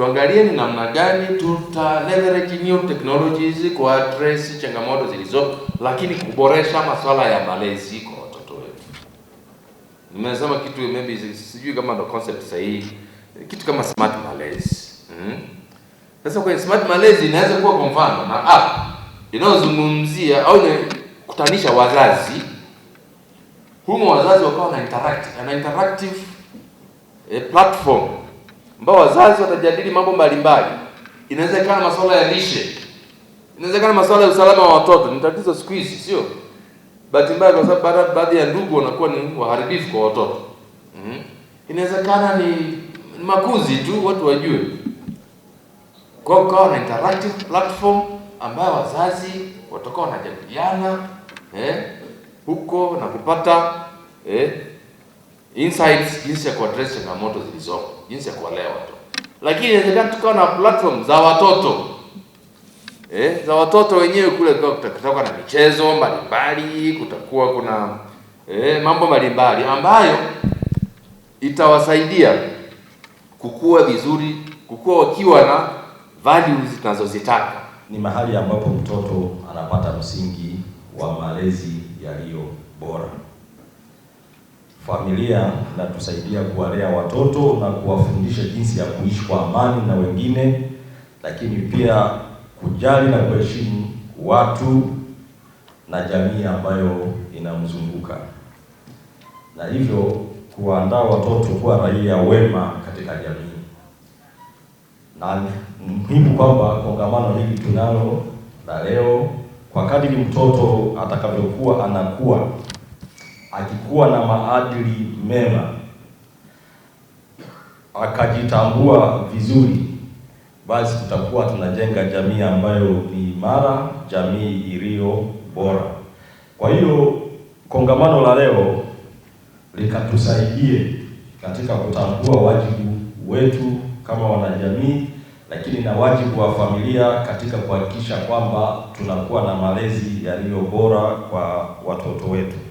tuangalie ni namna gani tuta leverage new technologies ku address changamoto zilizopo, lakini kuboresha masuala ya malezi kwa watoto wetu. Nimesema kitu maybe sijui kama ndo concept sahihi, kitu kama smart malezi. Hmm? Sasa mm, kwenye smart malezi inaweza kuwa kwa mfano na app inayozungumzia au kutanisha wazazi humo, wazazi wakawa na interactive, ana interactive eh, platform ambao wazazi watajadili mambo mbalimbali. Inaweza ikawa masuala ya lishe, inaweza ikawa masuala ya usalama wa watoto. Ni tatizo siku hizi, sio bahati mbaya, kwa sababu baadhi ya ndugu wanakuwa ni waharibifu kwa watoto mm -hmm. Inawezekana ni makuzi tu, watu wajue kwa ukawa na interactive platform ambayo wazazi watakuwa wanajadiliana eh, huko na kupata eh, insights, jinsi ya kuaddress changamoto zilizopo, jinsi ya kuwalea watoto, lakini inawezekana tukawa na platform za watoto eh, za watoto wenyewe kule, kutakuwa na michezo mbalimbali, kutakuwa kuna eh, mambo mbalimbali ambayo itawasaidia kukua vizuri, kukua wakiwa na values tunazozitaka. Ni mahali ambapo mtoto anapata msingi wa malezi yaliyo bora familia tusaidia kuwalea watoto na kuwafundisha jinsi ya kuishi kwa amani na wengine, lakini pia kujali na kuheshimu watu na jamii ambayo inamzunguka na hivyo kuwaandaa watoto kuwa raia wema katika jamii. Na muhimu kwamba kongamano hili tunalo la leo, kwa kadiri mtoto atakavyokuwa anakuwa akikuwa na maadili mema, akajitambua vizuri, basi tutakuwa tunajenga jamii ambayo ni imara, jamii iliyo bora. Kwa hiyo kongamano la leo likatusaidie katika kutambua wajibu wetu kama wanajamii, lakini na wajibu wa familia katika kuhakikisha kwamba tunakuwa na malezi yaliyo bora kwa watoto wetu.